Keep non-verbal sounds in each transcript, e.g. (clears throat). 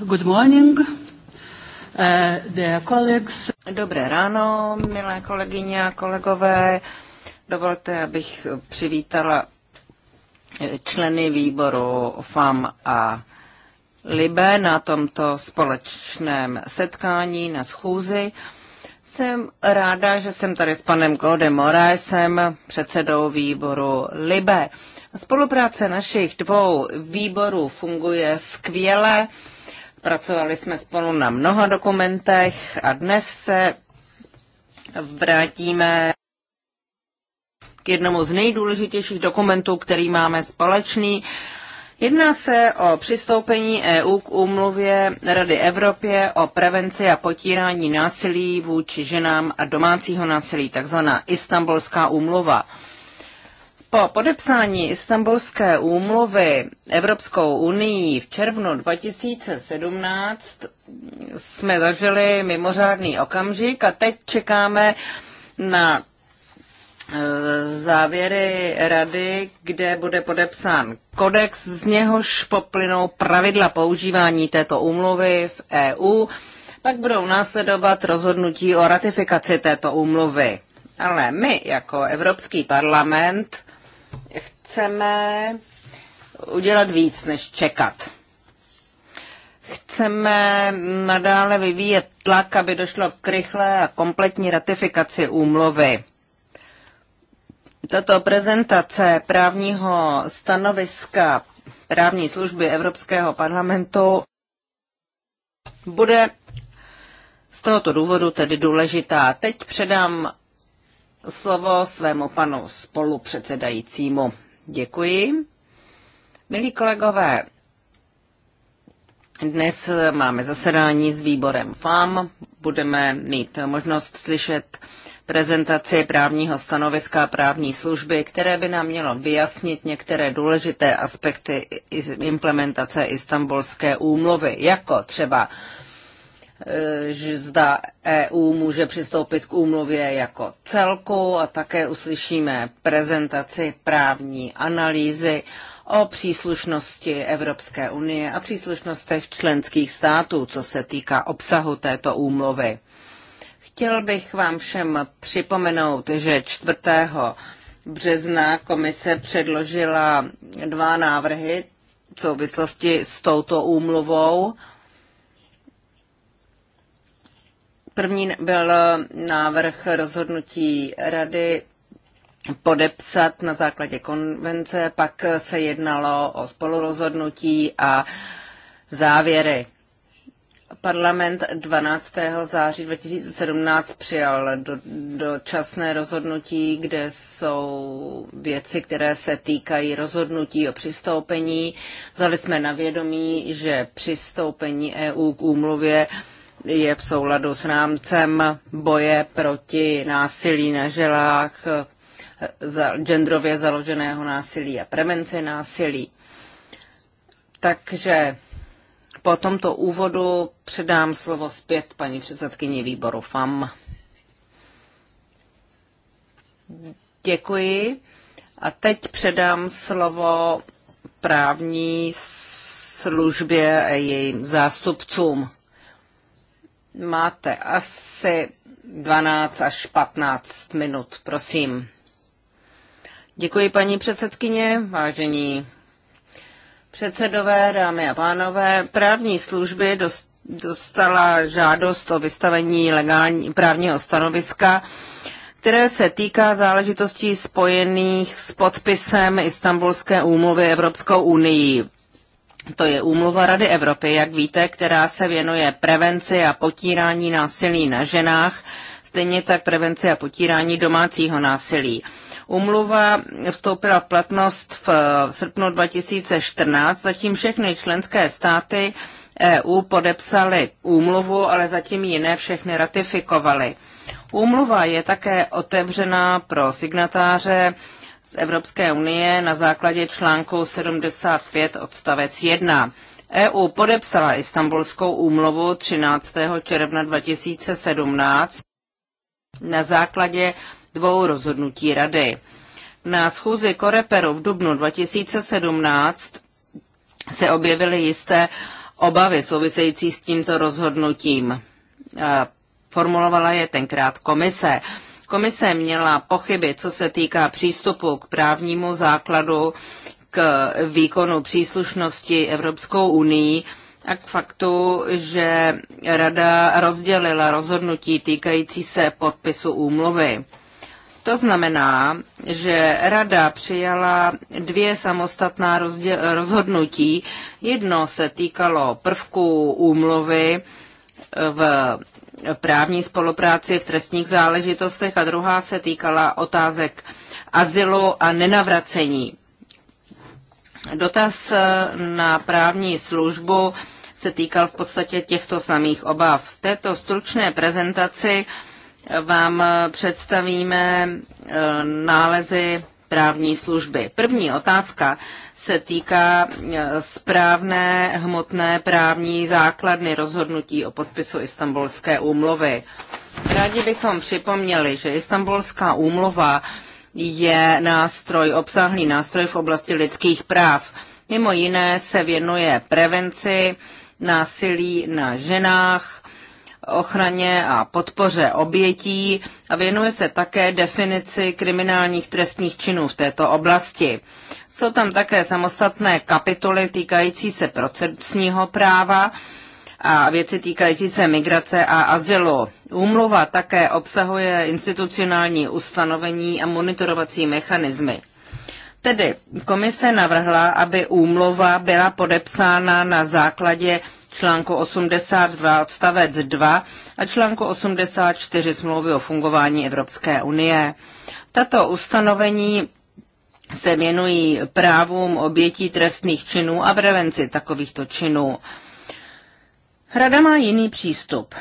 Good morning. Uh, colleagues... Dobré ráno, milé kolegyně a kolegové. Dovolte, abych přivítala eh, členy výboru FAM a Libe na tomto společném setkání na schůzi. Jsem ráda, že jsem tady s panem Claudem Moraesem, předsedou výboru Libe. Spolupráce našich dvou výborů funguje skvěle. Pracovali jsme spolu na mnoha dokumentech a dnes se vrátíme k jednomu z nejdůležitějších dokumentů, který máme společný. Jedná se o přistoupení EU k úmluvě Rady Evropě o prevenci a potírání násilí vůči ženám a domácího násilí, takzvaná Istanbulská úmluva. Po podepsání Istanbulské úmluvy Evropskou unii v červnu 2017 jsme zažili mimořádný okamžik a teď čekáme na e, závěry rady, kde bude podepsán kodex, z něhož poplynou pravidla používání této úmluvy v EU, pak budou následovat rozhodnutí o ratifikaci této úmluvy. Ale my jako Evropský parlament Chceme udělat víc, než čekat. Chceme nadále vyvíjet tlak, aby došlo k rychlé a kompletní ratifikaci úmluvy. Tato prezentace právního stanoviska právní služby Evropského parlamentu bude z tohoto důvodu tedy důležitá. Teď předám slovo svému panu spolupředsedajícímu. Děkuji. Milí kolegové, dnes máme zasedání s výborem FAM. Budeme mít možnost slyšet prezentaci právního stanoviska právní služby, které by nám mělo vyjasnit některé důležité aspekty implementace Istanbulské úmluvy, jako třeba Eh, že zda EU může přistoupit k úmluvě jako celku a také uslyšíme prezentaci právní analýzy o příslušnosti Evropské unie a příslušnostech členských států, co se týká obsahu této úmluvy. Chtěl bych vám všem připomenout, že 4. března komise předložila dva návrhy v souvislosti s touto úmluvou. První byl návrh rozhodnutí rady podepsat na základě konvence, pak se jednalo o spolurozhodnutí a závěry. Parlament 12. září 2017 přijal dočasné do rozhodnutí, kde jsou věci, které se týkají rozhodnutí o přistoupení. Vzali jsme na vědomí, že přistoupení EU k úmluvě uh, je v souladu s rámcem boje proti násilí na želách, za genderově založeného násilí a prevenci násilí. Takže po tomto úvodu předám slovo zpět paní předsedkyni výboru FAM. Děkuji. A teď předám slovo právní službě a jejím zástupcům. Máte asi 12 až 15 minut, prosím. Děkuji, paní předsedkyně, vážení předsedové, dámy a pánové. Právní služby dostala žádost o vystavení legální právního stanoviska, které se týká záležitostí spojených s podpisem Istanbulské úmluvy Evropskou unii. To je úmluva Rady Evropy, jak víte, která se věnuje prevenci a potírání násilí na ženách, stejně tak prevenci a potírání domácího násilí. Umluva vstoupila v platnost v eh, srpnu 2014, zatím všechny členské státy EU podepsaly úmluvu, ale zatím ji ne všechny ratifikovaly. Úmluva je také otevřená pro signatáře z Evropské unie na základě článku 75 odstavec 1. EU podepsala Istanbulskou úmluvu 13. června 2017 na základě dvou rozhodnutí Rady. Na schůzi Koreperu v dubnu 2017 se objevily jisté obavy související s tímto rozhodnutím. Formulovala je tenkrát komise. Komise měla pochyby, co se týká přístupu k právnímu základu k výkonu příslušnosti Evropskou unii a k faktu, že Rada rozdělila rozhodnutí týkající se podpisu úmluvy. To znamená, že Rada přijala dvě samostatná rozhodnutí. Jedno se týkalo prvků úmluvy v právní spolupráci v trestních záležitostech a druhá se týkala otázek azylu a nenavracení. Dotaz eh, na právní službu se týkal v podstatě těchto samých obav. V této stručné prezentaci vám eh, představíme eh, nálezy právní služby. První otázka se týká e, správné hmotné právní základny rozhodnutí o podpisu Istanbulské úmluvy. Rádi bychom připomněli, že Istanbulská úmluva je nástroj, obsáhlý nástroj v oblasti lidských práv. Mimo jiné se věnuje prevenci násilí na ženách, ochraně a podpoře obětí a věnuje se také definici kriminálních trestních činů v této oblasti. Jsou tam také samostatné kapitoly týkající se procesního práva a věci týkající se migrace a azylu. Úmluva také obsahuje institucionální ustanovení a monitorovací mechanismy. Tedy komise navrhla, aby úmluva byla podepsána na základě článku 82 odstavec 2 a článku 84 smlouvy o fungování Evropské unie. Tato ustanovení se věnují právům obětí trestných činů a prevenci takovýchto činů. Rada má jiný přístup.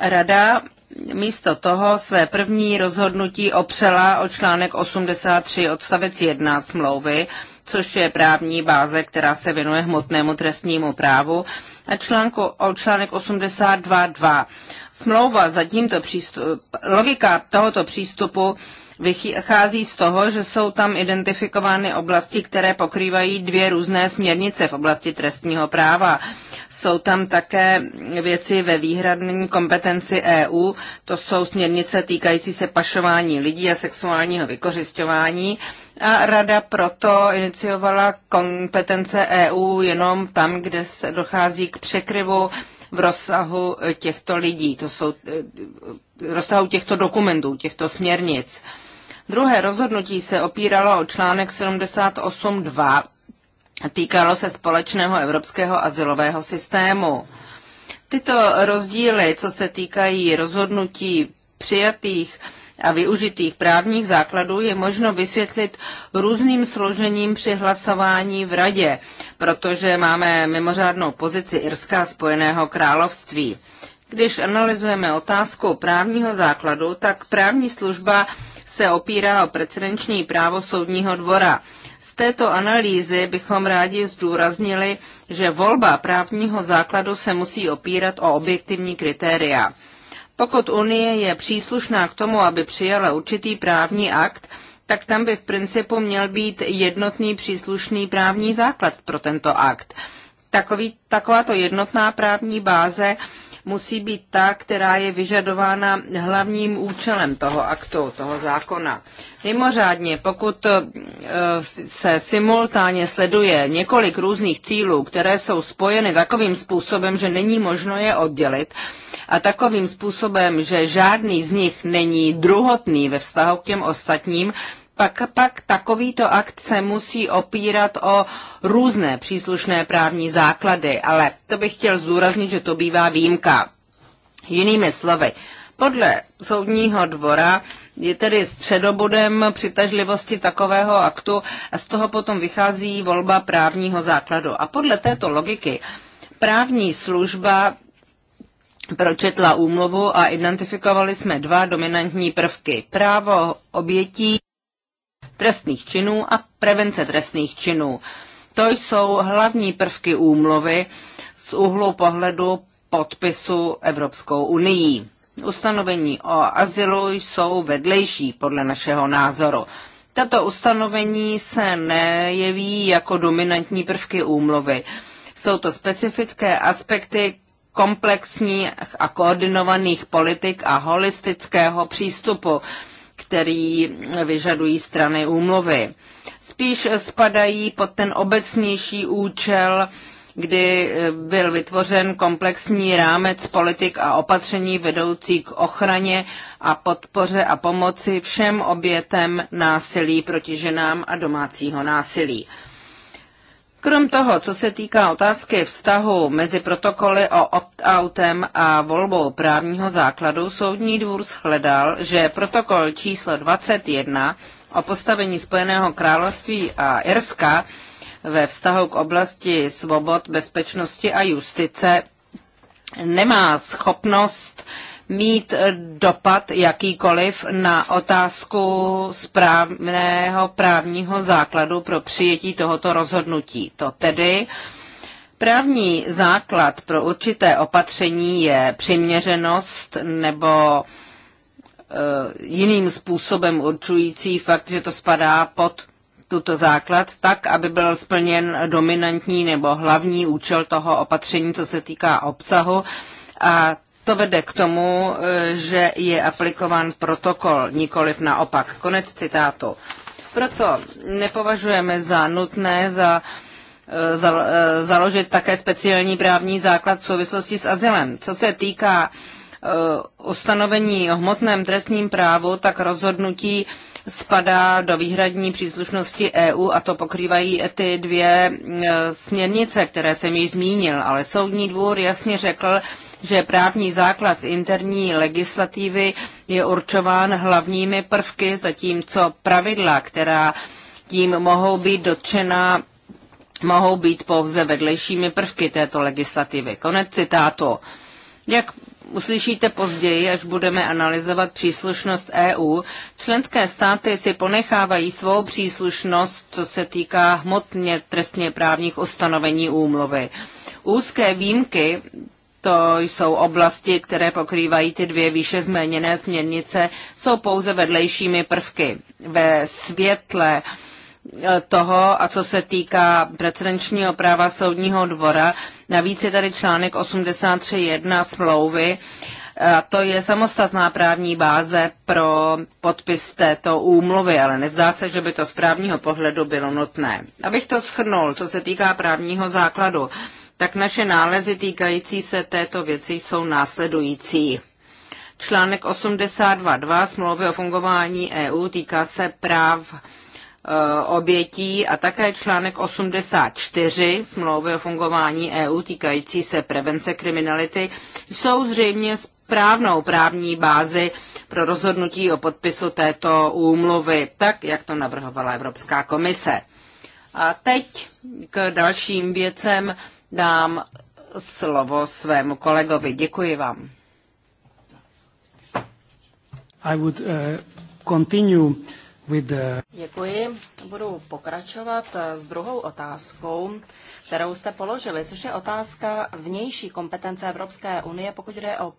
Rada místo toho své první rozhodnutí opřela o článek 83 odstavec 1 smlouvy, což je právní báze, která se věnuje hmotnému trestnímu právu článku, článek 82.2. Smlouva za tímto přístupem, logika tohoto přístupu vychází z toho, že jsou tam identifikovány oblasti, které pokrývají dvě různé směrnice v oblasti trestního práva. Jsou tam také věci ve výhradní kompetenci EU, to jsou směrnice týkající se pašování lidí a sexuálního vykořišťování. A rada proto iniciovala kompetence EU jenom tam, kde se dochází k překryvu v rozsahu těchto lidí, to jsou eh, rozsahu těchto dokumentů, těchto směrnic. Druhé rozhodnutí se opíralo o článek 78.2 týkalo se společného evropského asilového systému. Tyto rozdíly, co se týkají rozhodnutí přijatých a využitých právních základů, je možno vysvětlit různým složením při hlasování v Radě, protože máme mimořádnou pozici Irska Spojeného království. Když analyzujeme otázku právního základu, tak právní služba se opírá o precedenční právo soudního dvora. Z této analýzy bychom rádi zdůraznili, že volba právního základu se musí opírat o objektivní kritéria. Pokud Unie je příslušná k tomu, aby přijala určitý právní akt, tak tam by v principu měl být jednotný příslušný právní základ pro tento akt. Takový, takováto jednotná právní báze musí být ta, která je vyžadována hlavním účelem toho aktu, toho zákona. Mimořádně, pokud eh, se simultánně sleduje několik různých cílů, které jsou spojeny takovým způsobem, že není možno je oddělit, a takovým způsobem, že žádný z nich není druhotný ve vztahu k těm ostatním, pak, pak takovýto akt se musí opírat o různé příslušné právní základy, ale to bych chtěl zdůraznit, že to bývá výjimka. Jinými slovy, podle soudního dvora je tedy středobodem přitažlivosti takového aktu a z toho potom vychází volba právního základu. A podle této logiky právní služba pročetla úmluvu a identifikovali jsme dva dominantní prvky. Právo obětí trestných činů a prevence trestných činů. To jsou hlavní prvky úmluvy z úhlu pohledu podpisu Evropskou unii. Ustanovení o azylu jsou vedlejší podle našeho názoru. Tato ustanovení se nejeví jako dominantní prvky úmluvy. Jsou to specifické aspekty komplexních a koordinovaných politik a holistického přístupu který vyžadují strany úmluvy. Spíš spadají pod ten obecnější účel, kdy byl vytvořen komplexní rámec politik a opatření vedoucí k ochraně a podpoře a pomoci všem obětem násilí proti ženám a domácího násilí. Krom toho, co se týká otázky vztahu mezi protokoly o opt-outem a volbou právního základu, Soudní dvůr shledal, že protokol číslo 21 o postavení Spojeného království a Irska ve vztahu k oblasti svobod, bezpečnosti a justice nemá schopnost uh, mít eh, dopad jakýkoliv na otázku správného právního základu pro přijetí tohoto rozhodnutí. To tedy Právní základ pro určité opatření je přiměřenost nebo eh, jiným způsobem určující fakt, že to spadá pod tuto základ tak, aby byl splněn dominantní nebo hlavní účel toho opatření, co se týká obsahu a to vede k tomu, eh, že je aplikován protokol, nikoliv naopak. Konec citátu. Proto nepovažujeme za nutné za, eh, za, eh, založit také speciální právní základ v souvislosti s azylem. Co se týká ustanovení o hmotném trestním právu, tak rozhodnutí spadá do výhradní příslušnosti EU a to pokrývají ty dvě směrnice, které jsem již zmínil, ale Soudní dvůr jasně řekl, že právní základ interní legislativy je určován hlavními prvky, zatímco pravidla, která tím mohou být dotčena, mohou být pouze vedlejšími prvky této legislativy. Konec citátu. Jak uslyšíte později, až budeme analyzovat příslušnost EU, členské státy si ponechávají svou příslušnost, co se týká hmotně trestně právních ustanovení úmluvy. Úzké výjimky to jsou oblasti, které pokrývají ty dvě výše změněné směrnice, jsou pouze vedlejšími prvky ve světle eh, toho, a co se týká precedenčního práva soudního dvora. Navíc je tady článek 83.1 smlouvy, a to je samostatná právní báze pro podpis této úmluvy, ale nezdá se, že by to z právního pohledu bylo nutné. Abych to schrnul, co se týká právního základu tak naše nálezy týkající se této věci jsou následující. Článek 82.2 smlouvy o fungování EU týká se práv e, obětí a také článek 84 smlouvy o fungování EU týkající se prevence kriminality jsou zřejmě správnou právní bázi pro rozhodnutí o podpisu této úmluvy, tak jak to navrhovala Evropská komise. A teď k dalším věcem, dám slovo svému kolegovi. Děkuji vám. I would, uh, continue with the... Děkuji. Budu pokračovat eh, s druhou otázkou, kterou jste položili, což je otázka vnější kompetence Evropské unie, pokud jde o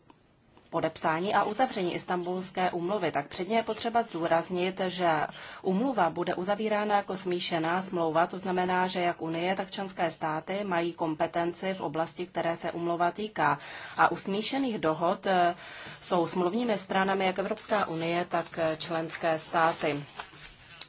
podepsání a uzavření Istanbulské úmluvy, tak předně je potřeba zdůraznit, že úmluva bude uzavírána jako smíšená smlouva, to znamená, že jak Unie, tak členské státy mají kompetenci v oblasti, které se úmluva týká. A u smíšených dohod eh, jsou smluvními stranami jak Evropská unie, tak eh, členské státy.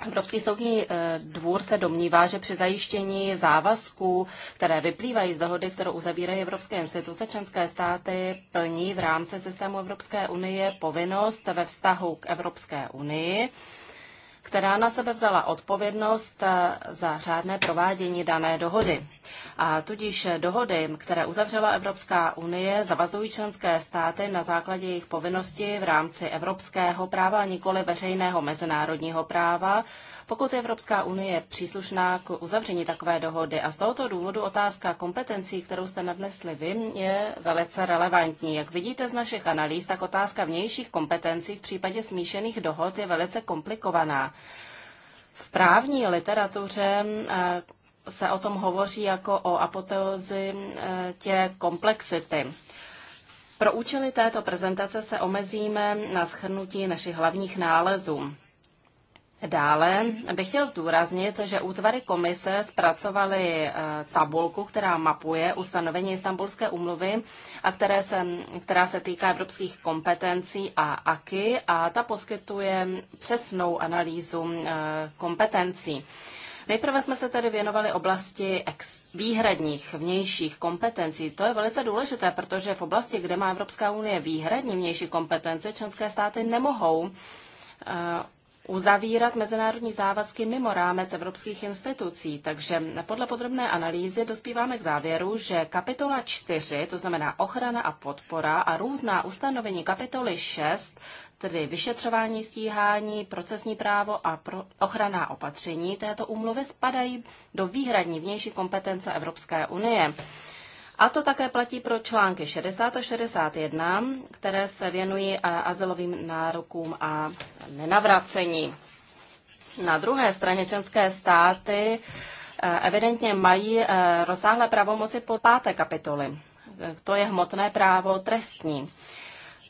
Evropský soudní eh, dvůr se domnívá, že při zajištění závazků, které vyplývají z dohody, kterou uzavírají evropské instituce, členské státy plní v rámci systému Evropské unie povinnost ve vztahu k Evropské unii která na sebe vzala odpovědnost eh, za řádné provádění dané dohody. A tudíž dohody, které uzavřela Evropská unie, zavazují členské státy na základě jejich povinnosti v rámci evropského práva, nikoli veřejného mezinárodního práva, pokud je Evropská unie příslušná k uzavření takové dohody. A z tohoto důvodu otázka kompetencí, kterou jste nadnesli vy, je velice relevantní. Jak vidíte z našich analýz, tak otázka vnějších kompetencí v případě smíšených dohod je velice komplikovaná. V právní literatuře eh, se o tom hovoří jako o apoteozi eh, tě komplexity. Pro účely této prezentace se omezíme na shrnutí našich hlavních nálezů. Dále bych chtěl zdůraznit, že útvary komise zpracovaly eh, tabulku, která mapuje ustanovení Istanbulské umluvy a které se, která se týká evropských kompetencí a AKY a ta poskytuje přesnou analýzu eh, kompetencí. Nejprve jsme se tedy věnovali oblasti ex- výhradních vnějších kompetencí. To je velice důležité, protože v oblasti, kde má Evropská unie výhradní vnější kompetence, členské státy nemohou eh, uzavírat mezinárodní závazky mimo rámec evropských institucí. Takže podle podrobné analýzy dospíváme k závěru, že kapitola 4, to znamená ochrana a podpora a různá ustanovení kapitoly 6, tedy vyšetřování, stíhání, procesní právo a pro ochranná opatření této úmluvy spadají do výhradní vnější kompetence Evropské unie. A to také platí pro články 60 a 61, které se věnují eh, azylovým nárokům a nenavracení. Na druhé straně členské státy eh, evidentně mají eh, rozsáhlé pravomoci pod páté kapitoly. To je hmotné právo trestní.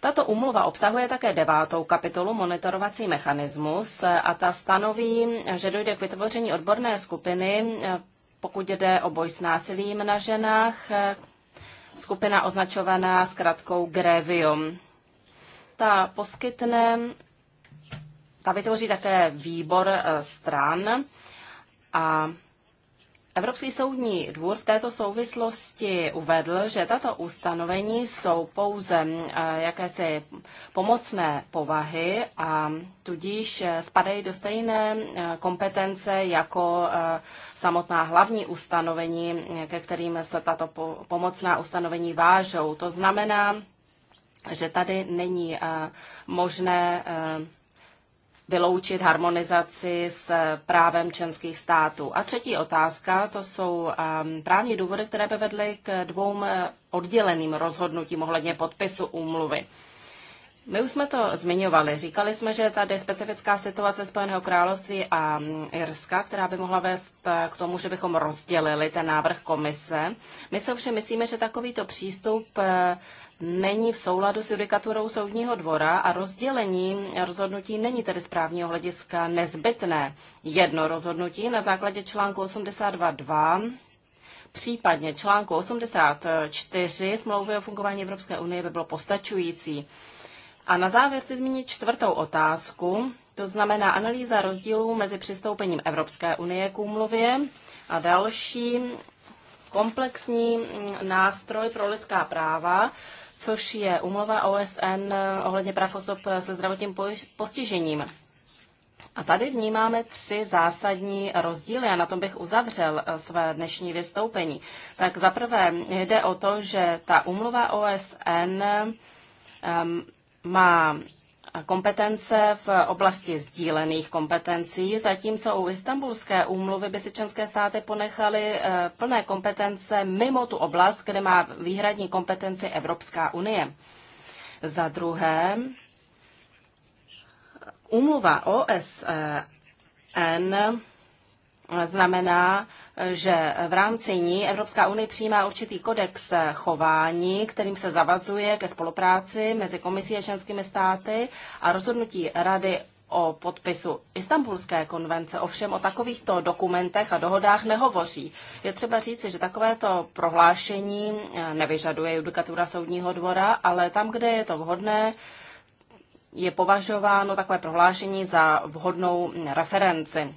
Tato umluva obsahuje také devátou kapitolu monitorovací mechanismus a ta stanoví, že dojde k vytvoření odborné skupiny pokud jde o boj s násilím na ženách, skupina označovaná zkratkou Grevium. Ta poskytne, ta vytvoří také výbor eh, stran a Evropský soudní dvůr v této souvislosti uvedl, že tato ustanovení jsou pouze eh, jakési pomocné povahy a tudíž eh, spadají do stejné eh, kompetence jako samotná hlavní ustanovení, ke kterým se tato pomocná ustanovení vážou. To znamená, že tady není možné vyloučit harmonizaci s právem členských států. A třetí otázka, to jsou um, právní důvody, které by vedly k dvou odděleným rozhodnutím ohledně podpisu úmluvy. My už jsme to zmiňovali. Říkali jsme, že tady specifická situace Spojeného království a mm, Irska, která by mohla vést eh, k tomu, že bychom rozdělili ten návrh komise. My se ovšem myslíme, že takovýto přístup eh, není v souladu s judikaturou soudního dvora a rozdělení rozhodnutí není tedy z právního hlediska nezbytné. Jedno rozhodnutí na základě článku 82.2 případně článku 84 smlouvy o fungování Evropské unie by bylo postačující. A na závěr si zmínit čtvrtou otázku, to znamená analýza rozdílů mezi přistoupením Evropské unie k úmluvě a další komplexní mm, nástroj pro lidská práva, což je umlova OSN eh, ohledně práv osob se zdravotním postižením. A tady vnímáme tři zásadní rozdíly a na tom bych uzavřel eh, své dnešní vystoupení. Tak zaprvé jde o to, že ta umluva OSN um, ehm, má kompetence v oblasti sdílených kompetencí, zatímco u istambulské úmluvy by si členské státy ponechaly eh, plné kompetence mimo tu oblast, kde má výhradní kompetenci Evropská unie. Za druhé, úmluva OSN e znamená, že v rámci ní Evropská unie přijímá určitý kodex chování, kterým se zavazuje ke spolupráci mezi komisí a členskými státy a rozhodnutí Rady o podpisu Istanbulské konvence ovšem o takovýchto dokumentech a dohodách nehovoří. Je třeba říci, že takovéto prohlášení eh, nevyžaduje judikatura soudního dvora, ale tam, kde je to vhodné, je považováno takové prohlášení za vhodnou referenci.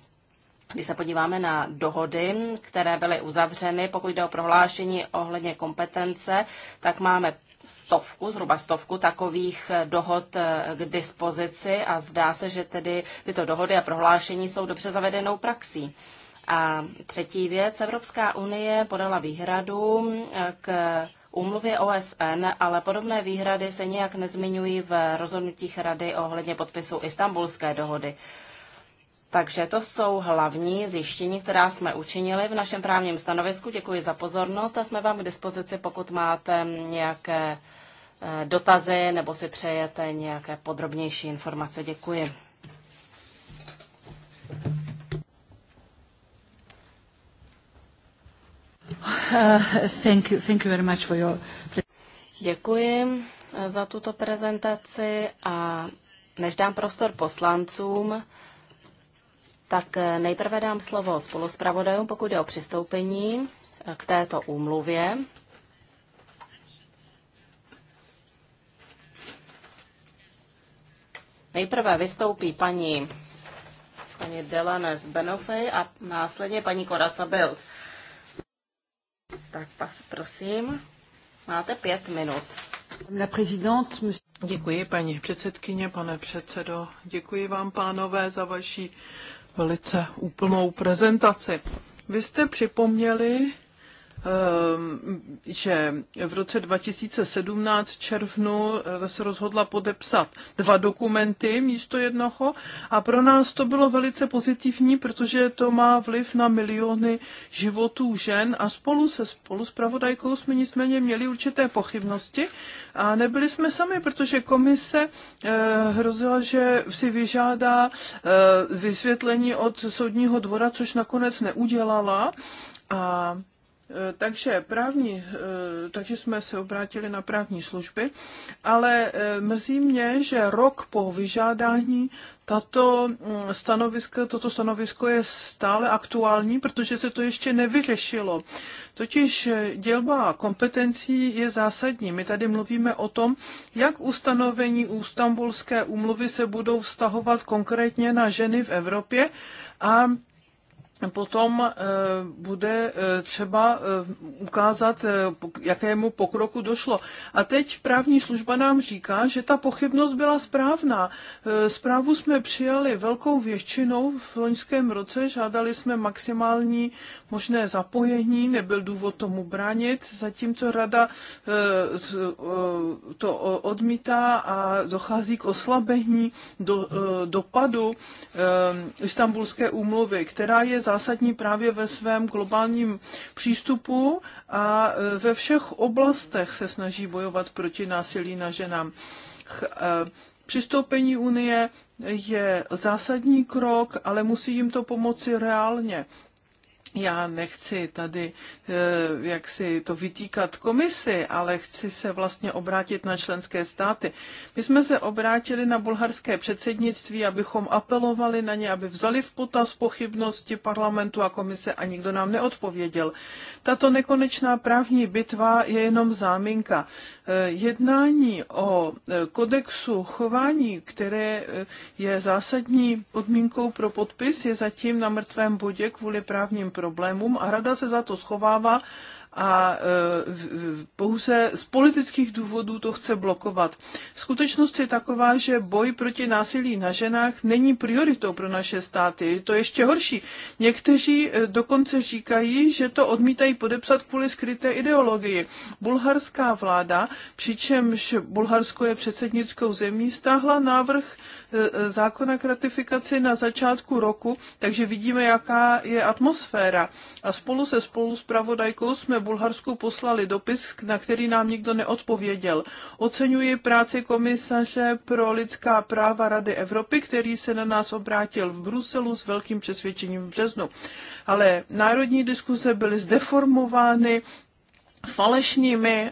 Když se podíváme na dohody, které byly uzavřeny, pokud jde o prohlášení ohledně kompetence, tak máme stovku, zhruba stovku takových eh, dohod eh, k dispozici a zdá se, že tedy tyto dohody a prohlášení jsou dobře zavedenou praxí. A třetí věc, Evropská unie podala výhradu eh, k úmluvě OSN, ale podobné výhrady se nijak nezmiňují v rozhodnutích Rady ohledně podpisu Istanbulské dohody. Takže to jsou hlavní zjištění, která jsme učinili v našem právním stanovisku. Děkuji za pozornost a jsme vám k dispozici, pokud máte nějaké eh, dotazy nebo si přejete nějaké podrobnější informace. Děkuji. Uh, Děkuji eh, za tuto prezentaci a než dám prostor poslancům, tak nejprve dám slovo spoluspravodajům, pokud je o přistoupení k této úmluvě. Nejprve vystoupí paní, paní Delanes Benofej a následně paní Koraca Bild. Tak prosím, máte pět minut. Děkuji, paní předsedkyně, pane předsedo. Děkuji vám, pánové, za vaši velice úplnou prezentaci. Vy jste připomněli, Ehm, že v roce 2017 v červnu eh, se rozhodla podepsat dva dokumenty místo jednoho a pro nás to bylo velice pozitivní, protože to má vliv na miliony životů žen a spolu se spolu s pravodajkou jsme nicméně měli určité pochybnosti a nebyli jsme sami, protože komise eh, hrozila, že si vyžádá eh, vysvětlení od soudního dvora, což nakonec neudělala a Eh, takže, právní, eh, takže jsme se obrátili na právní služby, ale eh, mrzí mě, že rok po vyžádání tato mm, stanovisko, toto stanovisko je stále aktuální, protože se to ještě nevyřešilo. Totiž dělba kompetencí je zásadní. My tady mluvíme o tom, jak ustanovení ústambulské úmluvy se budou vztahovat konkrétně na ženy v Evropě a potom eh, bude eh, třeba eh, ukázat, jakému pokroku došlo. A teď právní služba nám říká, že ta pochybnost byla správná. Zprávu jsme přijali velkou většinou v loňském roce, žádali jsme maximální možné zapojení, nebyl důvod tomu bránit, zatímco rada to odmítá a dochází k oslabení do, dopadu Istanbulské úmluvy, která je zásadní právě ve svém globálním přístupu a e, ve všech oblastech se snaží bojovat proti násilí na ženám. E, přistoupení Unie je zásadní krok, ale musí jim to pomoci reálně já nechci tady eh, jak si to vytýkat komisi, ale chci se vlastně obrátit na členské státy. My jsme se obrátili na bulharské předsednictví, abychom apelovali na ně, aby vzali v potaz pochybnosti parlamentu a komise a nikdo nám neodpověděl. Tato nekonečná právní bitva je jenom záminka. Eh, jednání o eh, kodexu chování, které je zásadní podmínkou pro podpis, je zatím na mrtvém bodě kvůli právním problémům a rada se za to schovává a e, pouze z politických důvodů to chce blokovat. Skutečnost je taková, že boj proti násilí na ženách není prioritou pro naše státy. Je to ještě horší. Někteří e, dokonce říkají, že to odmítají podepsat kvůli skryté ideologii. Bulharská vláda, přičemž Bulharsko je předsednickou zemí, stáhla návrh E, e, zákona k ratifikaci na začátku roku, takže vidíme, jaká je atmosféra. A spolu se spolu s pravodajkou jsme Bulharsku poslali dopis, na který nám nikdo neodpověděl. Oceňuji práci komisaře pro lidská práva Rady Evropy, který se na nás obrátil v Bruselu s velkým přesvědčením v březnu. Ale národní diskuse byly zdeformovány falešnými eh,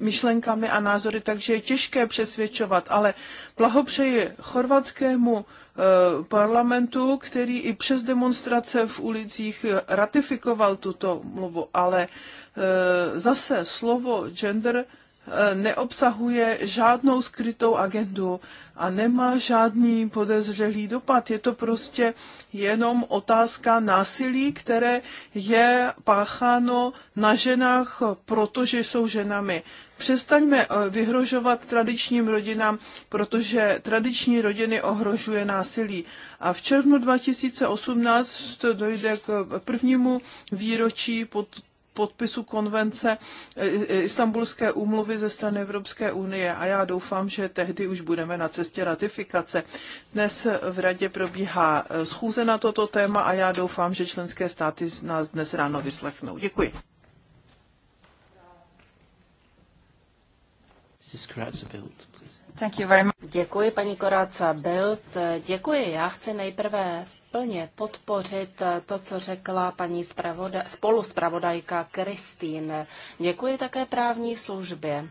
myšlenkami a názory, takže je těžké přesvědčovat, ale blahopřeji chorvatskému eh, parlamentu, který i přes demonstrace v ulicích ratifikoval tuto mluvu, ale eh, zase slovo gender Eh, neobsahuje žádnou skrytou agendu a nemá žádný podezřelý dopad. Je to prostě jenom otázka násilí, které je pácháno na ženách, protože jsou ženami. Přestaňme eh, vyhrožovat tradičním rodinám, protože tradiční rodiny ohrožuje násilí. A v červnu 2018 to dojde k prvnímu výročí pod podpisu konvence e, e, Istanbulské úmluvy ze strany Evropské unie a já doufám, že tehdy už budeme na cestě ratifikace. Dnes v Radě probíhá e, schůze na toto téma a já doufám, že členské státy nás dnes ráno vyslechnou. Děkuji. Thank you very much. Děkuji, paní Koráca Bild. Děkuji. Já chci nejprve plně podpořit to, co řekla paní spravoda- spoluspravodajka Kristýn. Děkuji také právní službě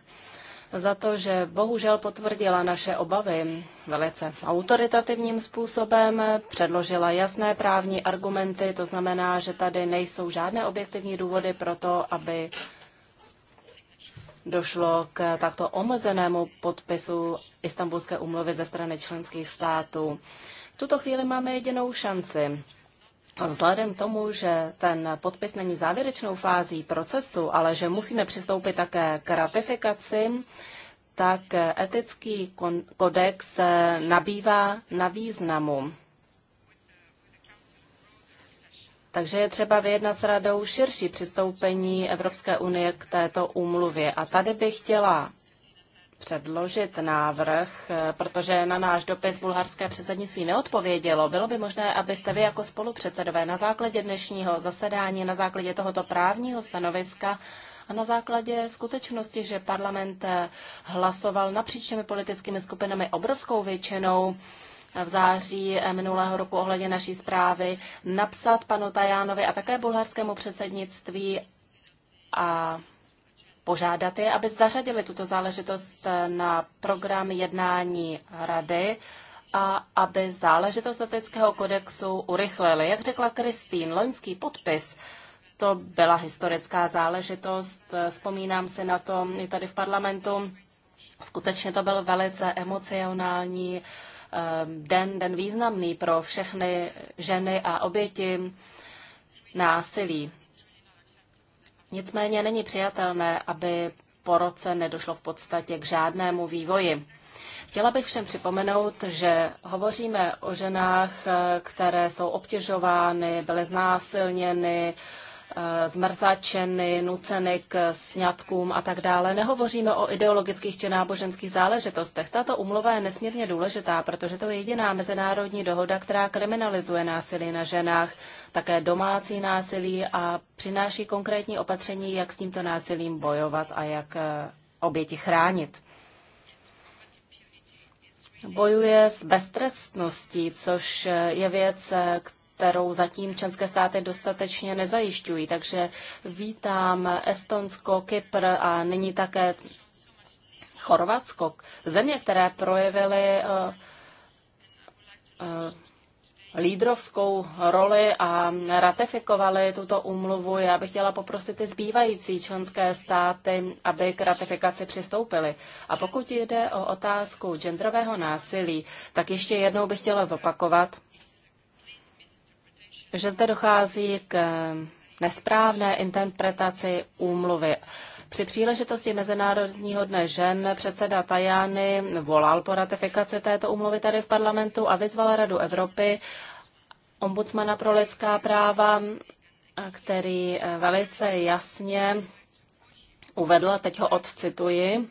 za to, že bohužel potvrdila naše obavy velice autoritativním způsobem, předložila jasné právní argumenty, to znamená, že tady nejsou žádné objektivní důvody pro to, aby došlo k takto omezenému podpisu Istanbulské umluvy ze strany členských států tuto chvíli máme jedinou šanci. Vzhledem tomu, že ten podpis není závěrečnou fází procesu, ale že musíme přistoupit také k ratifikaci, tak etický kodex nabývá na významu. Takže je třeba vyjednat s radou širší přistoupení Evropské unie k této úmluvě. A tady bych chtěla předložit návrh, eh, protože na náš dopis bulharské předsednictví neodpovědělo. Bylo by možné, abyste vy jako spolupředsedové na základě dnešního zasedání, na základě tohoto právního stanoviska a na základě skutečnosti, že parlament eh, hlasoval napříč těmi politickými skupinami obrovskou většinou, eh, v září minulého roku ohledně naší zprávy napsat panu Tajánovi a také bulharskému předsednictví a požádat je, aby zařadili tuto záležitost eh, na program jednání rady a aby záležitost etického kodexu urychlili. Jak řekla Kristýn, loňský podpis to byla historická záležitost. Eh, vzpomínám si na to i tady v parlamentu. Skutečně to byl velice emocionální eh, den, den významný pro všechny ženy a oběti násilí. Nicméně není přijatelné, aby po roce nedošlo v podstatě k žádnému vývoji. Chtěla bych všem připomenout, že hovoříme o ženách, eh, které jsou obtěžovány, byly znásilněny, Eh, zmrzačeny, nuceny k sňatkům a tak dále. Nehovoříme o ideologických či náboženských záležitostech. Tato umluva je nesmírně důležitá, protože to je jediná mezinárodní dohoda, která kriminalizuje násilí na ženách, také domácí násilí a přináší konkrétní opatření, jak s tímto násilím bojovat a jak eh, oběti chránit. Bojuje s beztrestností, což eh, je věc, kterou zatím členské státy dostatečně nezajišťují. Takže vítám Estonsko, Kypr a nyní také Chorvatsko, země, které projevily eh, eh, lídrovskou roli a ratifikovali tuto úmluvu. Já bych chtěla poprosit ty zbývající členské státy, aby k ratifikaci přistoupili. A pokud jde o otázku genderového násilí, tak ještě jednou bych chtěla zopakovat, že zde dochází k nesprávné interpretaci úmluvy. Při příležitosti Mezinárodního dne žen předseda Tajány volal po ratifikaci této úmluvy tady v parlamentu a vyzval Radu Evropy, ombudsmana pro lidská práva, který velice jasně uvedl, teď ho odcituji,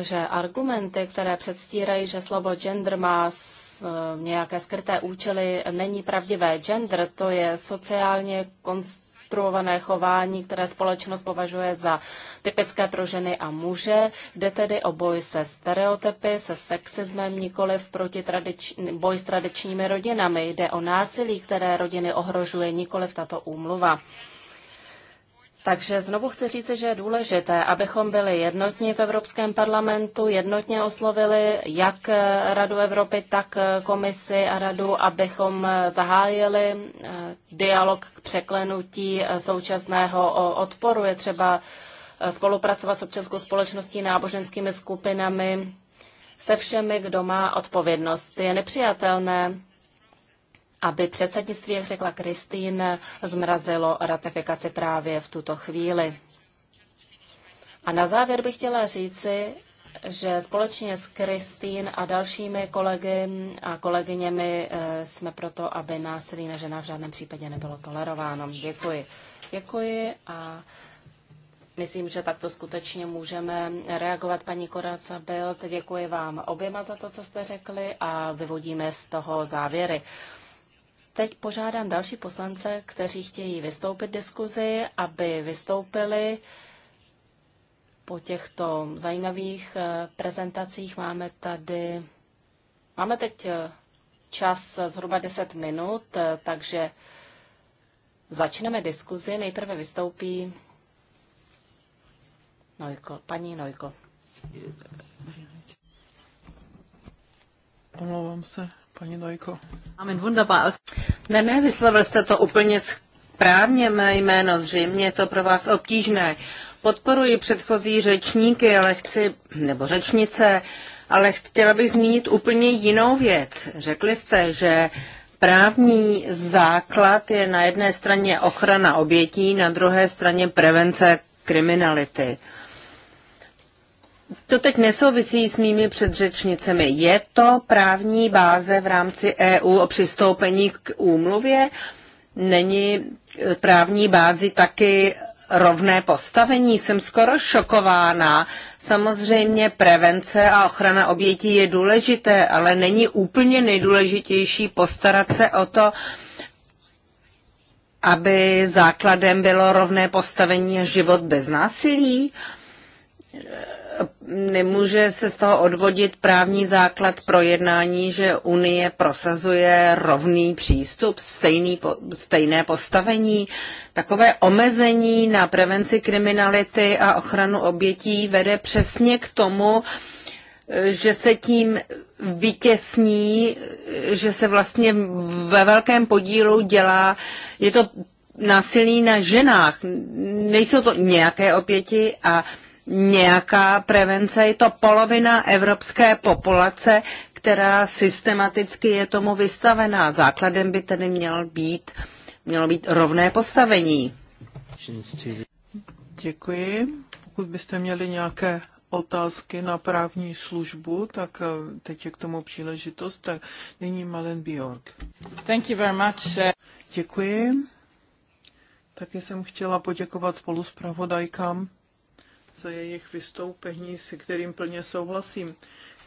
že argumenty, které předstírají, že slovo gender má e, nějaké skryté účely, není pravdivé. Gender to je sociálně konstruované chování, které společnost považuje za typické pro ženy a muže. Jde tedy o boj se stereotypy, se sexismem, nikoliv proti tradiční, boj s tradičními rodinami. Jde o násilí, které rodiny ohrožuje, nikoliv tato úmluva. Takže znovu chci říct, že je důležité, abychom byli jednotní v Evropském parlamentu, jednotně oslovili jak Radu Evropy, tak komisi a radu, abychom zahájili eh, dialog k překlenutí eh, současného odporu. Je třeba eh, spolupracovat s občanskou společností, náboženskými skupinami, se všemi, kdo má odpovědnost. Je nepřijatelné, aby předsednictví, jak řekla Kristýn, zmrazilo ratifikaci právě v tuto chvíli. A na závěr bych chtěla říci, že společně s Kristýn a dalšími kolegy a kolegyněmi eh, jsme proto, aby násilí na ženách v žádném případě nebylo tolerováno. Děkuji. Děkuji a myslím, že takto skutečně můžeme reagovat, paní Koráca Bild. Děkuji vám oběma za to, co jste řekli a vyvodíme z toho závěry. Teď požádám další poslance, kteří chtějí vystoupit diskuzi, aby vystoupili. Po těchto zajímavých eh, prezentacích máme tady, máme teď eh, čas zhruba 10 minut, eh, takže začneme diskuzi. Nejprve vystoupí Nojko, paní Nojko. Omlouvám se, paní Nojko. Ne, ne, vyslovil jste to úplně správně, mé jméno zřejmě je to pro vás obtížné. Podporuji předchozí řečníky, ale chci, nebo řečnice, ale chtěla bych zmínit úplně jinou věc. Řekli jste, že právní základ je na jedné straně ochrana obětí, na druhé straně prevence kriminality. Uh, to teď nesouvisí s mými předřečnicemi. Je to právní báze v rámci EU o přistoupení k úmluvě? Není e, právní bázi taky rovné postavení? Jsem skoro šokována. Samozřejmě prevence a ochrana obětí je důležité, ale není úplně nejdůležitější postarat se o to, aby základem bylo rovné postavení a život bez násilí? nemůže se z toho odvodit právní základ pro jednání, že Unie prosazuje rovný přístup, stejný, stejné postavení. Takové omezení na prevenci kriminality a ochranu obětí vede přesně k tomu, že se tím vytěsní, že se vlastně ve velkém podílu dělá, je to násilí na ženách. Nejsou to nějaké oběti a nějaká prevence. Je to polovina evropské populace, která systematicky je tomu vystavená. Základem by tedy měl být, mělo být rovné postavení. Děkuji. Pokud byste měli nějaké otázky na právní službu, tak eh, teď je k tomu příležitost. Tak nyní Malen Bjork. Thank you very much. Eh. Děkuji. Taky jsem chtěla poděkovat spolu pravodajkám za jejich vystoupení, se kterým plně souhlasím.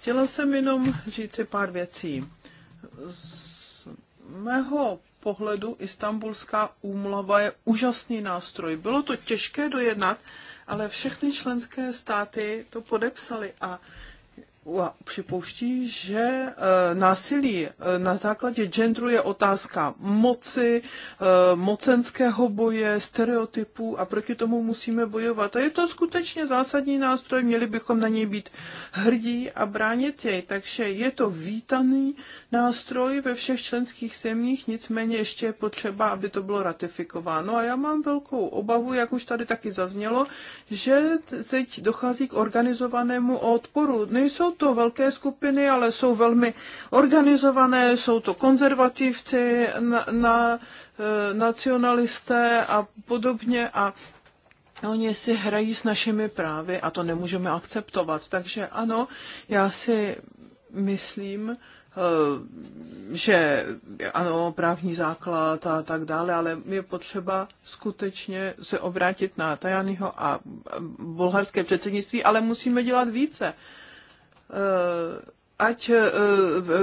Chtěla jsem jenom si pár věcí. Z mého pohledu Istanbulská úmlava je úžasný nástroj. Bylo to těžké dojednat, ale všechny členské státy to podepsali a připouští, že eh, násilí eh, na základě genderu je otázka moci, eh, mocenského boje, stereotypů a proti tomu musíme bojovat. A je to skutečně zásadní nástroj, měli bychom na něj být hrdí a bránit jej. Takže je to vítaný nástroj ve všech členských zemích, nicméně ještě je potřeba, aby to bylo ratifikováno. A já mám velkou obavu, jak už tady taky zaznělo, že teď dochází k organizovanému odporu. Nejsou to velké skupiny, ale jsou velmi organizované, jsou to konzervativci, na, na, eh, nacionalisté a podobně a Oni si hrají s našimi právy a to nemůžeme akceptovat. Takže ano, já si myslím, eh, že ano, právní základ a tak dále, ale je potřeba skutečně se obrátit na Tajaniho a bulharské předsednictví, ale musíme dělat více. Eh, ať eh,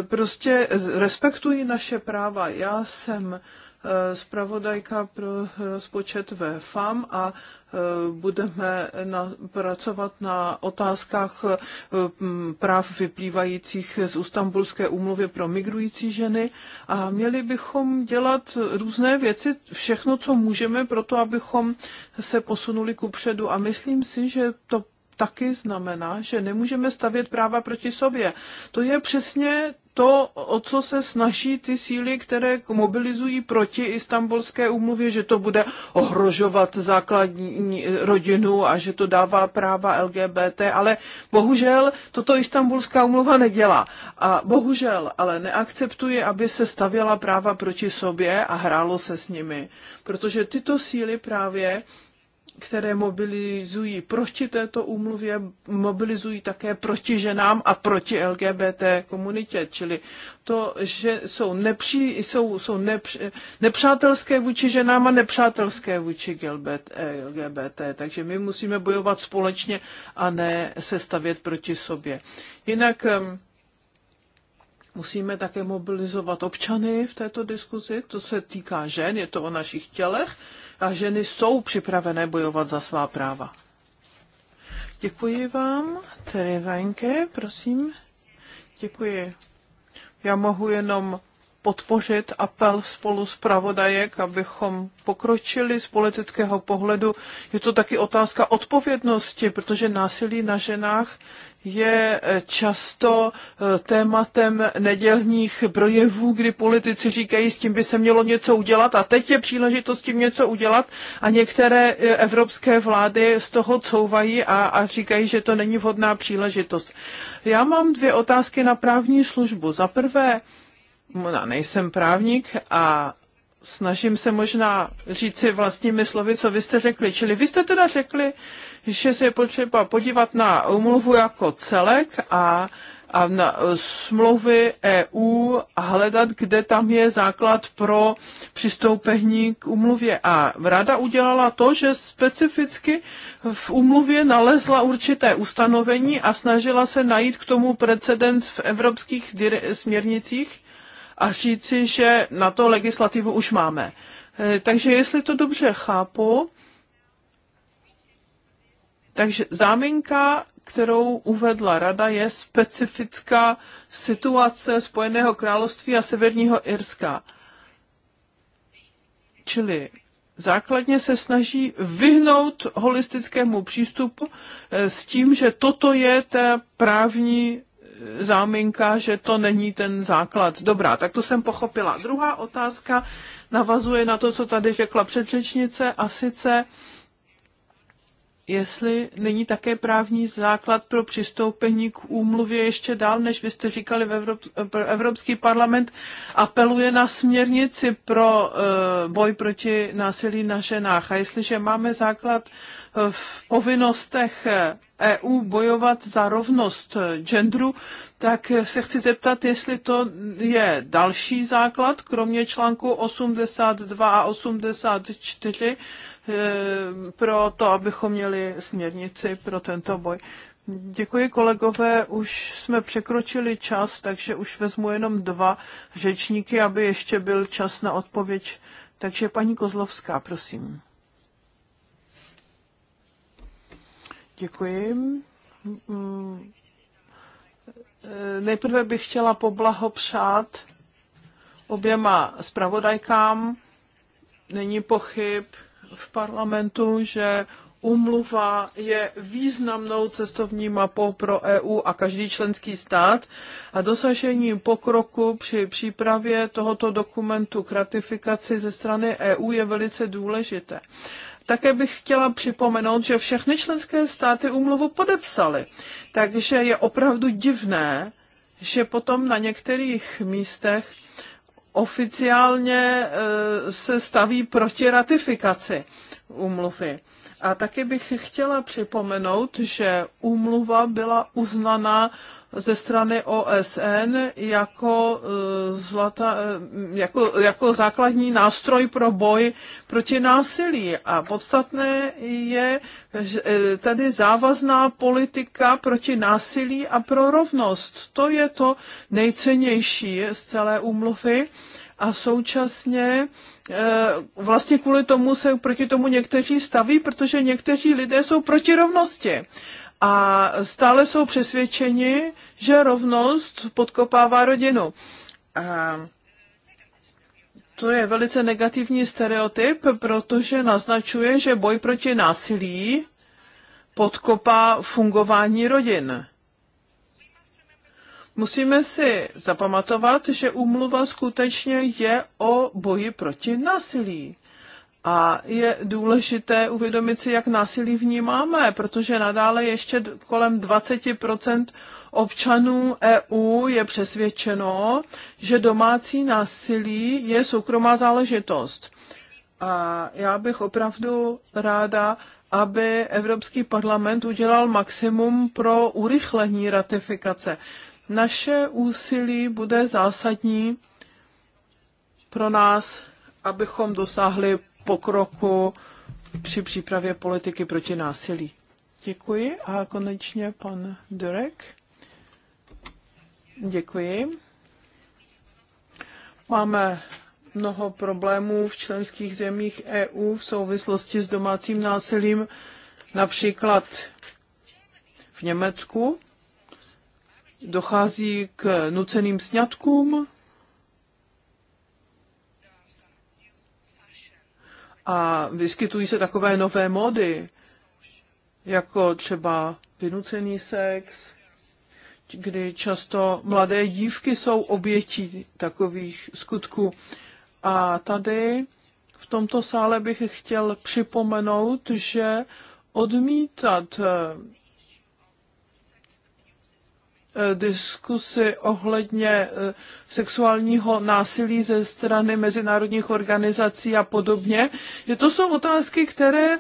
prostě respektují naše práva. Já jsem eh, zpravodajka pro rozpočet ve FAM a budeme na, pracovat na otázkách práv vyplývajících z Ustambulské úmluvy pro migrující ženy a měli bychom dělat různé věci, všechno, co můžeme, proto abychom se posunuli ku předu a myslím si, že to taky znamená, že nemůžeme stavět práva proti sobě. To je přesně to, o co se snaží ty síly, které mobilizují proti istambulské úmluvě, že to bude ohrožovat základní rodinu a že to dává práva LGBT, ale bohužel toto istambulská úmluva nedělá. A bohužel ale neakceptuje, aby se stavěla práva proti sobě a hrálo se s nimi. Protože tyto síly právě které mobilizují proti této úmluvě, mobilizují také proti ženám a proti LGBT komunitě. Čili to, že jsou, nepří, jsou, jsou nepří, nepřátelské vůči ženám a nepřátelské vůči LGBT, LGBT. Takže my musíme bojovat společně a ne se stavět proti sobě. Jinak Musíme také mobilizovat občany v této diskuzi, to se týká žen, je to o našich tělech, a ženy jsou připravené bojovat za svá práva. Děkuji vám. Terezajnke, prosím. Děkuji. Já mohu jenom podpořit apel spolu s pravodajek, abychom pokročili z politického pohledu. Je to taky otázka odpovědnosti, protože násilí na ženách je eh, často eh, tématem nedělních projevů, kdy politici říkají, s tím by se mělo něco udělat a teď je příležitost s tím něco udělat a některé eh, evropské vlády z toho couvají a, a říkají, že to není vhodná příležitost. Já mám dvě otázky na právní službu. Za prvé, já nejsem právník a snažím se možná říci vlastními slovy, co vy jste řekli. Čili vy jste teda řekli, že se je potřeba podívat na umluvu jako celek a, a na smlouvy EU a hledat, kde tam je základ pro přistoupení k umluvě. A rada udělala to, že specificky v umluvě nalezla určité ustanovení a snažila se najít k tomu precedens v evropských směrnicích a říci, že na to legislativu už máme. E, takže jestli to dobře chápu, takže záminka, kterou uvedla rada, je specifická situace Spojeného království a Severního Irska. Čili základně se snaží vyhnout holistickému přístupu e, s tím, že toto je ta právní záminka, že to není ten základ. Dobrá, tak to jsem pochopila. Druhá otázka navazuje na to, co tady řekla předřečnice a sice jestli není také právní základ pro přistoupení k úmluvě ještě dál, než vy jste říkali, v Evrop, Evropský parlament apeluje na směrnici pro uh, boj proti násilí na ženách. A jestliže máme základ v povinnostech EU bojovat za rovnost genderu, tak se chci zeptat, jestli to je další základ, kromě článku 82 a 84, eh, pro to, abychom měli směrnici pro tento boj. Děkuji kolegové, už jsme překročili čas, takže už vezmu jenom dva řečníky, aby ještě byl čas na odpověď. Takže paní Kozlovská, prosím. Děkuji. Nejprve bych chtěla poblahopřát oběma zpravodajkám. Není pochyb v parlamentu, že umluva je významnou cestovní mapou pro EU a každý členský stát a dosažení pokroku při přípravě tohoto dokumentu k ratifikaci ze strany EU je velice důležité. Také bych chtěla připomenout, že všechny členské státy úmluvu podepsaly, takže je opravdu divné, že potom na některých místech oficiálně e, se staví proti ratifikaci úmluvy. A taky bych chtěla připomenout, že úmluva byla uznaná ze strany OSN jako, eh, zlata, eh, jako, jako základní nástroj pro boj proti násilí. A podstatné je eh, tady závazná politika proti násilí a pro rovnost. To je to nejcennější z celé úmluvy a současně vlastně kvůli tomu se proti tomu někteří staví, protože někteří lidé jsou proti rovnosti a stále jsou přesvědčeni, že rovnost podkopává rodinu. A to je velice negativní stereotyp, protože naznačuje, že boj proti násilí podkopá fungování rodin. Musíme si zapamatovat, že úmluva skutečně je o boji proti násilí. A je důležité uvědomit si, jak násilí vnímáme, protože nadále ještě kolem 20 občanů EU je přesvědčeno, že domácí násilí je soukromá záležitost. A já bych opravdu ráda, aby Evropský parlament udělal maximum pro urychlení ratifikace. Naše úsilí bude zásadní pro nás, abychom dosáhli pokroku při přípravě politiky proti násilí. Děkuji a konečně pan Durek. Děkuji. Máme mnoho problémů v členských zemích EU v souvislosti s domácím násilím, například v Německu. Dochází k nuceným sňatkům, a vyskytují se takové nové módy, jako třeba vynucený sex, kdy často mladé dívky jsou obětí takových skutků. A tady v tomto sále bych chtěl připomenout, že odmítat eh, Eh, diskusi ohledně eh, sexuálního násilí ze strany mezinárodních organizací a podobně, že to jsou otázky, které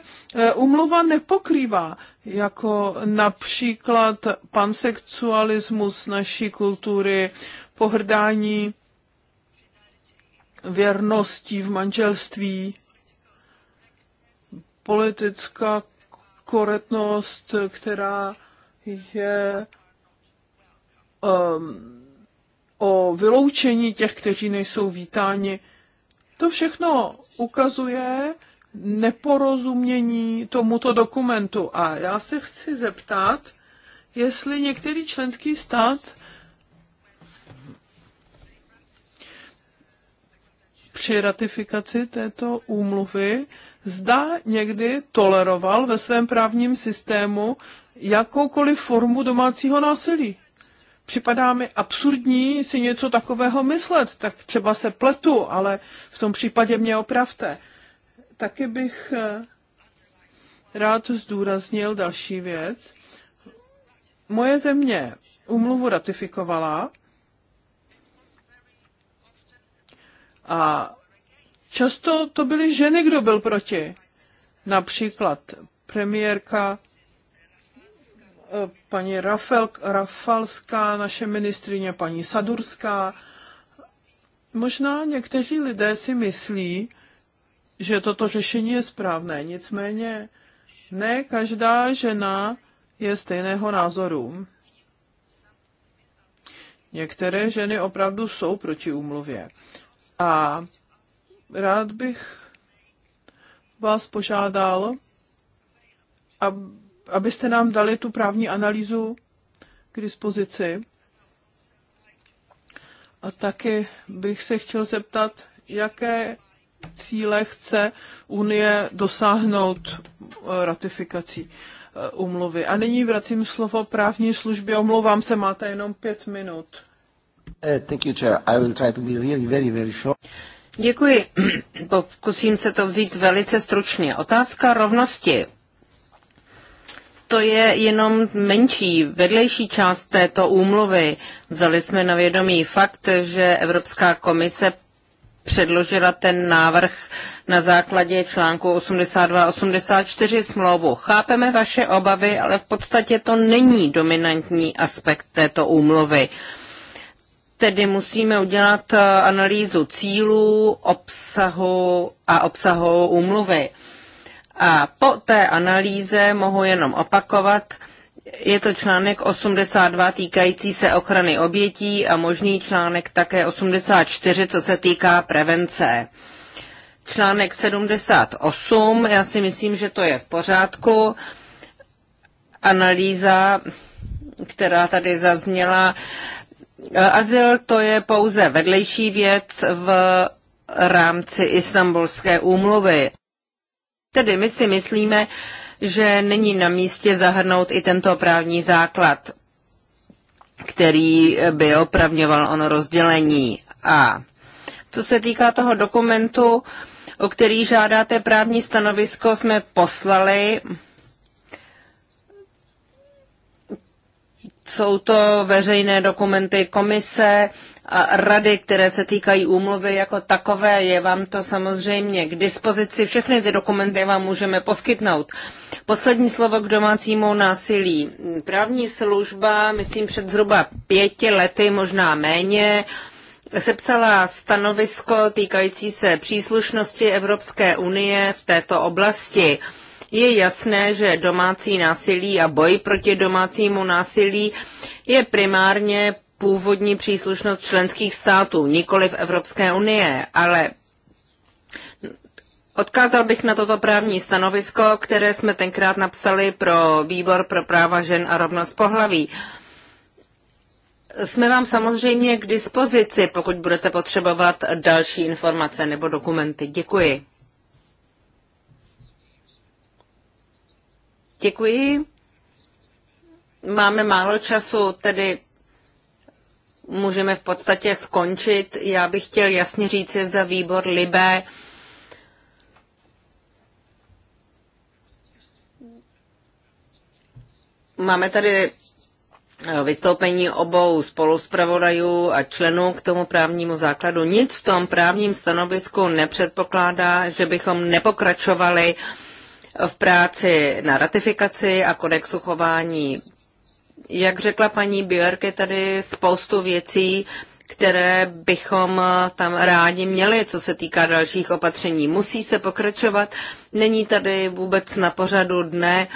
umluva eh, nepokrývá, jako například pansexualismus naší kultury, pohrdání věrností v manželství, politická korektnost, která je Um, o vyloučení těch, kteří nejsou vítáni. To všechno ukazuje neporozumění tomuto dokumentu. A já se chci zeptat, jestli některý členský stát při ratifikaci této úmluvy zda někdy toleroval ve svém právním systému jakoukoliv formu domácího násilí připadá mi absurdní si něco takového myslet, tak třeba se pletu, ale v tom případě mě opravte. Taky bych eh, rád zdůraznil další věc. Moje země umluvu ratifikovala a často to byly ženy, kdo byl proti. Například premiérka paní Rafel, Rafalská, naše ministrině paní Sadurská. Možná někteří lidé si myslí, že toto řešení je správné, nicméně ne každá žena je stejného názoru. Některé ženy opravdu jsou proti úmluvě. A rád bych vás požádal, aby abyste nám dali tu právní analýzu k dispozici. A taky bych se chtěl zeptat, jaké cíle chce Unie dosáhnout eh, ratifikací eh, umluvy. A nyní vracím slovo právní službě. Omlouvám se, máte jenom pět minut. Eh, Děkuji. (clears throat) Pokusím se to vzít velice stručně. Otázka rovnosti to je jenom menší, vedlejší část této úmluvy. Vzali jsme na vědomí fakt, že Evropská komise předložila ten návrh na základě článku 82 84 smlouvu. Chápeme vaše obavy, ale v podstatě to není dominantní aspekt této úmluvy. Tedy musíme udělat eh, analýzu cílů, obsahu a obsahu úmluvy. A po té analýze mohu jenom opakovat, je to článek 82 týkající se ochrany obětí a možný článek také 84, co se týká prevence. Článek 78, já si myslím, že to je v pořádku. Analýza, která tady zazněla. E, azyl to je pouze vedlejší věc v rámci Istanbulské úmluvy. Tedy my si myslíme, že není na místě zahrnout i tento právní základ, který by opravňoval ono rozdělení. A co se týká toho dokumentu, o který žádáte právní stanovisko, jsme poslali. Jsou to veřejné dokumenty komise, rady, které se týkají úmluvy jako takové, je vám to samozřejmě k dispozici. Všechny ty dokumenty vám můžeme poskytnout. Poslední slovo k domácímu násilí. Právní služba, myslím před zhruba pěti lety, možná méně, sepsala stanovisko týkající se příslušnosti Evropské unie v této oblasti. Je jasné, že domácí násilí a boj proti domácímu násilí je primárně původní příslušnost členských států, nikoli v Evropské unie, ale odkázal bych na toto právní stanovisko, které jsme tenkrát napsali pro Výbor pro práva žen a rovnost pohlaví. Jsme vám samozřejmě k dispozici, pokud budete potřebovat další informace nebo dokumenty. Děkuji. Děkuji. Máme málo času, tedy můžeme v podstatě skončit. Já bych chtěl jasně říct, že za výbor Libé, Máme tady eh, vystoupení obou spoluspravodajů a členů k tomu právnímu základu. Nic v tom právním stanovisku nepředpokládá, že bychom nepokračovali v práci na ratifikaci a kodexu chování jak řekla paní Björk, je tady spoustu věcí, které bychom tam rádi měli, co se týká dalších opatření. Musí se pokračovat. Není tady vůbec na pořadu dne,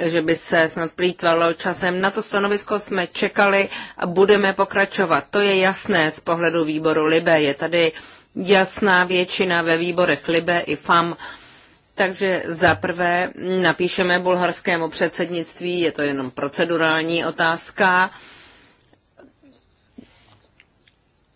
že by se snad plítvalo časem. Na to stanovisko jsme čekali a budeme pokračovat. To je jasné z pohledu výboru Libe. Je tady jasná většina ve výborech Libe i FAM. Takže za prvé napíšeme bulharskému předsednictví, je to jenom procedurální otázka,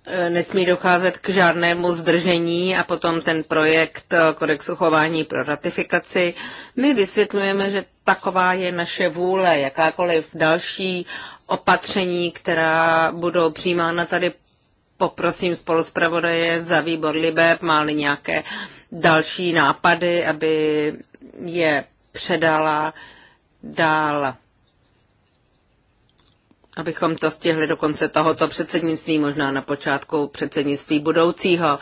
e, nesmí docházet k žádnému zdržení a potom ten projekt e, kodexu chování pro ratifikaci. My vysvětlujeme, že taková je naše vůle, jakákoliv další opatření, která budou přijímána tady poprosím spoluspravodaje za výbor Libe, máli nějaké další nápady, aby je předala dál abychom to stihli do konce tohoto předsednictví, možná na počátku předsednictví budoucího.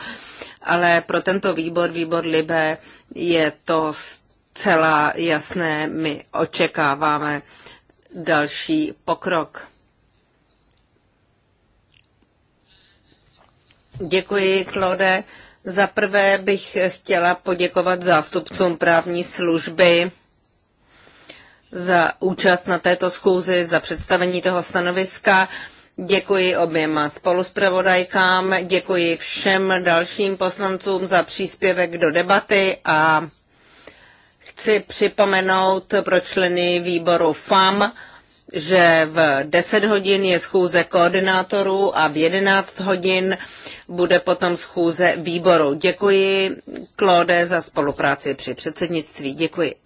Ale pro tento výbor, výbor Libe, je to zcela jasné. My očekáváme další pokrok. Děkuji, Klode. Za prvé bych chtěla poděkovat zástupcům právní služby za účast na této schůzi, za představení toho stanoviska. Děkuji oběma spoluspravodajkám, děkuji všem dalším poslancům za příspěvek do debaty a chci připomenout pro členy výboru FAM, že v 10 hodin je schůze koordinátorů a v 11 hodin bude potom schůze výboru. Děkuji, Klode, za spolupráci při předsednictví. Děkuji.